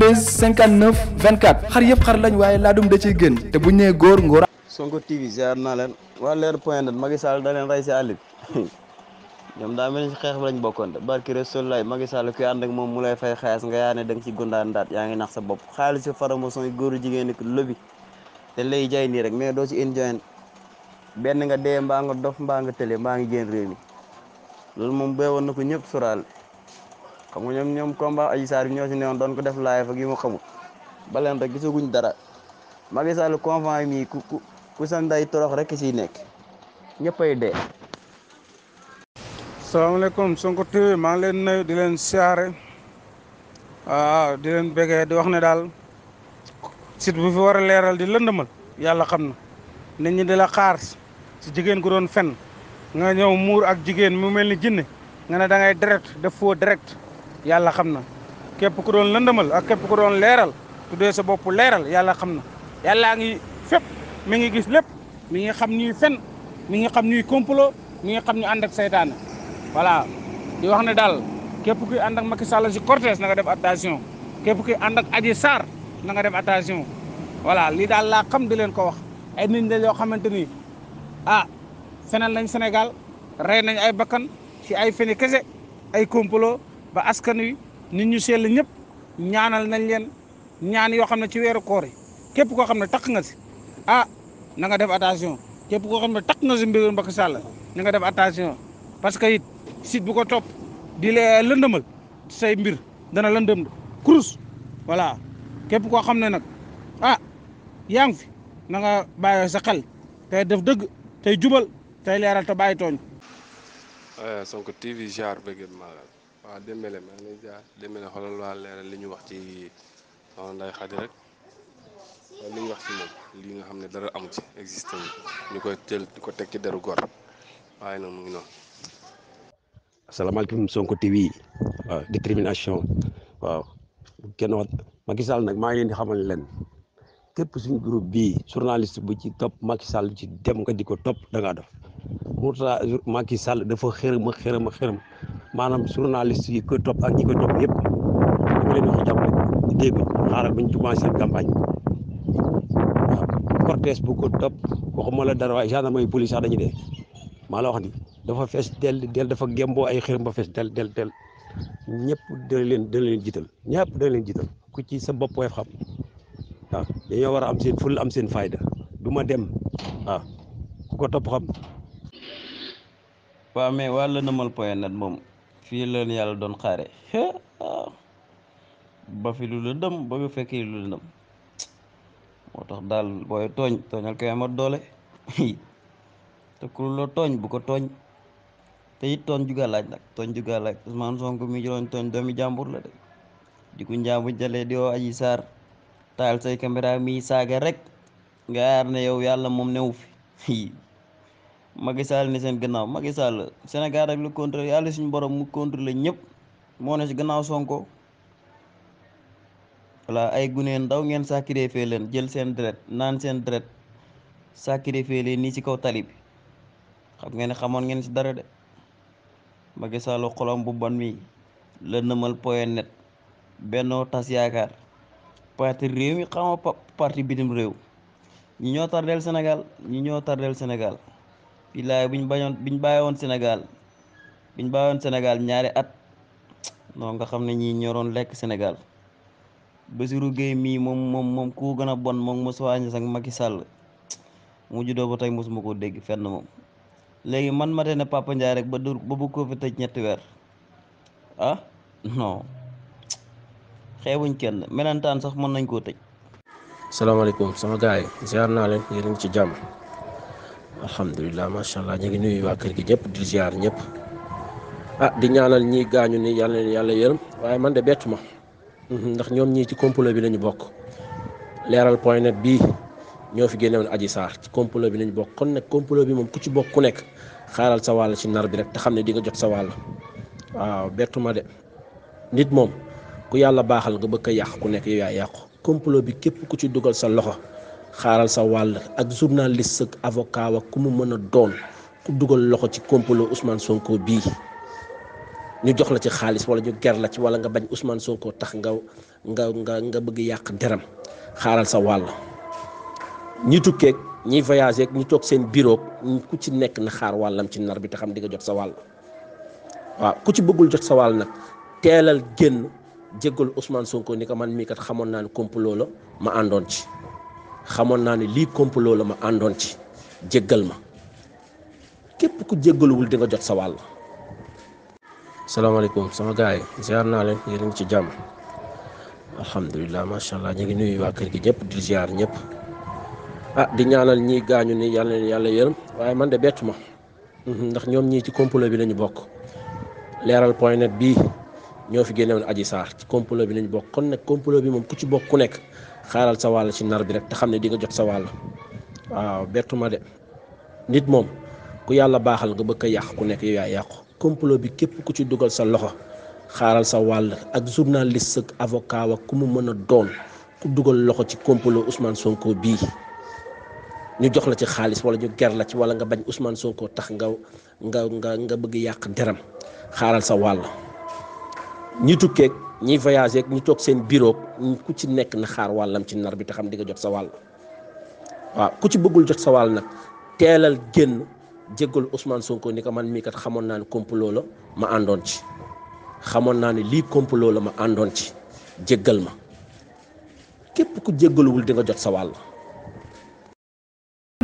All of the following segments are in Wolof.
73 59 24 xar yëpp xar lañ waaye laadum da ciy gën te bu ñu nee góor ngóor. Sonko TV ziar naa leen waa leer point net Macky Sall da leen rey si àll daa mel xeex lañ bokkoon de barki Rasulullah Macky Sall kuy ànd ak moom mu lay fay xaalis nga yaa ne da nga ci gundaan daat yaa ngi nax sa bopp xaalis si faramason yi góor jigéen ñi lobi te lay jaay nii rek mais doo ci enjoy benn nga dee mbaa nga dof mbaa nga tële mbaa ngi génn réew mi loolu moom béyoon na ko ñëpp xam nga ñoom ñoom combat Adji Sarr bi ñoo si newoon doon ko def live ak yi ma xamul ba leen rek gisaguñ dara Macky Sall convent mi ku ku sa nday torox rek siy nekk ñëppay dee. salaamaaleykum Sonko TV maa ngi leen nuyu di leen siyaare di leen bëggee di wax ne daal sit bu fi war a leeral di lëndëmal yàlla xam na nit ñi di la xaar si jigéen gu doon fen nga ñëw muur ak jigéen mu mel ni jinne nga ne da direct def foo direct yàlla xam na képp ku doon lëndëmal ak képp ku doon leeral tuddee sa boppu leeral yàlla xam na yàllaa ngi fépp mi ngi gis lépp mi ngi xam ni fen mi ngi xam ni complot mi ngi xam ñu ànd ak saytaane voilà di wax ne daal képp kuy ànd ak Macky Sall si na nga def attention képp ki ànd ak Adji Sarr na nga def attention voilà lii daal laa xam di leen ko wax ay nit la yoo xamante ni ah fenal nañ Sénégal rey nañ ay bakkan si ay feni kese ay complot ba askan wi nit ñu sell ñëpp ñaanal nañ leen ñaan yoo xam ne ci weeru koor yi képp koo xam ne takk nga si ah na nga def attention képp koo xam ne takk nga si mbirum Macky Sall def attention parce que it bu ko topp di la lëndëmal say mbir dana lëndëm kurus voilà képp koo xam ne nag ah yaa ngi fi na nga bàyyoo sa xel tey def dëgg tey jubal tey leeral te bàyyi tooñ. Eh, Sonko TV jaar bëgg naa waa ah, Dembélé maa ngi lay jaar Dembélé xoolal waa leeral li ñu wax ci soxna Ndeye rek li ñu wax ci moom lii nga xam ne dara amu ci existé wu ñu koy jël di ko teg ci deru gor waaye nag mu ngi noonu. asalaamaaleykum Sonko TV waaw détermination waaw kenn wax Macky Sall nag maa ngi leen di xamal leen képp suñu groupe bi journaliste bu ci topp Macky Sall ci dem nga di ko topp da ngaa def Mourtada Macky dafa xërëm a xërëm a xërëm maanaam journaliste yi koy topp ak ñi koy topp yëpp dama leen wax jàpp rek dégguñ xaaral bañ commencé seen campagne waaw cortège bu ko topp waxuma la dara waaye gendarmerie police sax dañuy dee maa la wax ni dafa fees del del dafa gemboo ay xërëm ba fees del del del ñëpp leen leen jiital ñëpp dana leen ku ci sa bopp woyof xam dañoo war a am seen ful am seen fayda du ma dem waaw ku ko topp xam waaw mais waa lëndëmal point net moom fii leen yàlla doon xaare ah, ba fi lu la dëm ba fi lu la dëm moo tax daal booy tooñ tooñal koy amat doole te ku la tooñ bu ko tooñ te it tooñ juga laaj nag tooñ juga laaj Ousmane mi jëloon tooñ doomi jàmbur la de di ko njàmbur di woo Adji Sarr taal say caméra mi saaga rek nga yaar ne yow yàlla moom newu fi Macky Sall ni seen gannaaw Macky Sall Sénégal rek lu contrôlé yàlla suñu borom mu contrôlé ñëpp moo ne si gannaaw Sonko voilà ay gune ndaw ngeen sacrifié leen jël seen deret naan seen deret sacrifié leen nii ci kaw tali bi xam ngeen ne xamoon ngeen si dara de Macky Sall bu bon mi la nëmal point net Benno Tas Yaakaar parti réew mi xama parti bitim réew ñi ñoo tardeel Sénégal ñi ñoo tardeel Sénégal billaay buñ bañoon biñ bàyyi woon Sénégal biñ bàyyi woon Sénégal ñaari at non nga xam ne ñii ñoroon lekk Sénégal Bassirou Gueye mii moom moom moom ku gën a bon moom Moussa Niass ak Macky mu juddoo ba tey mosuma koo dégg fenn moom léegi man mate ne Papa Ndiaye ba dur ba bu ko fi tëj ñetti weer ah non xeebuñ kenn melentaan sax mën nañ koo tëj. salaamaaleykum sama gars yi ziar naa leen yéen ci jàmm. alhamdulilah macha allah ñu ngi nuyu waa kër gi ñëpp di ziar ñëpp ah, di ñaanal ñi gaañu ni yàlla leen yàlla yërëm waaye man de bett ma mhm, ndax ñoom ñii ci complot bi lañu bokk leeral point net bii ñoo fi génnewoon aji saar ci complot bi lañu bokk kon nag complot bi moom ku ci bokk ku nekk xaaral sa wàll ci nar bi rek te xam ne di nga jot sa wàll waaw bettu de nit moom ku yàlla baaxal nga bëgg a yàq ku nekk yow yaa yàqu complot bi képp ku ci dugal sa loxo. xaaral sa wàll ak journaliste ak avocat wa ku mu mën a doon ku dugal loxo ci complot Ousmane Sonko bii ñu jox la ci xaalis walla ñu ger la ci wala nga bañ Ousmane Sonko tax nga nga nga nga bëgg yàq deram xaaral sa wàll ñi tukkeeg ñi voyagé ak toog seen bureau ku ci nekk na xaar wàllam ci nar bi te xam dinga nga jot sa wàll waaw ku ci bëggul jot sa wàll nag teelal génn jéggalu Ousmane Sonko ni ko man mii kat xamoon naa ni complot la ma àndoon ci. xamoon naa ne lii complot la ma àndoon ci jéggal ma képp ku jéggaluwul di nga jot sa wàll. salaamaaleykum sama gars yi ziar naa leen yéen a ngi ci jàmm alhamdulilah macha allah ñu ngi nuyu waa kër gi ñëpp di ziar ñëpp ah di ñaanal ñii gaañu ni yàlla yàlla yërëm waaye man de bettu ma mhm, ndax ñoom ñii ci complot bi lañu bokk leeral point net bii ñoo fi génnewoon aji saar ci complot bi lañu bokk kon nag complot bi moom ku ci bokk ku nekk. xaaral sa wàll ci nar bi rek te xam ne di nga jot sa wàll waaw bertuma de nit moom ku yàlla baaxal nga bëgg a yàq ku nekk yow yàqu complot bi képp ku ci dugal sa loxo xaaral sa wàll ak journaliste ak avocat wa ku mu mën a doon ku dugal loxo ci complot Ousmane Sonko bii ñu jox la ci xaalis wala ñu ger la ci wala nga bañ Ousmane Sonko tax nga nga nga nga bëgg yàq deram xaaral sa wàll ñi tukkeeg ñi voyager ak ñi toog seen bureau ku ci nekk na xaar wàllam ci nar bi te xam di nga jot sa wàll waaw ku ci bëggul jot sa wàll nag teelal génn jéggal Ousmane Sonko ni ko man mii kat xamoon naa ne complot la ma àndoon ci xamoon naa ne lii complot la ma àndoon ci jéggal ma képp ku jéggaluwul dinga nga jot sa wàll.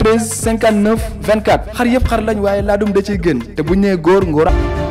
73 vingt 24 xar yëpp xar lañ waaye laadum da ciy gën te bu ñu nee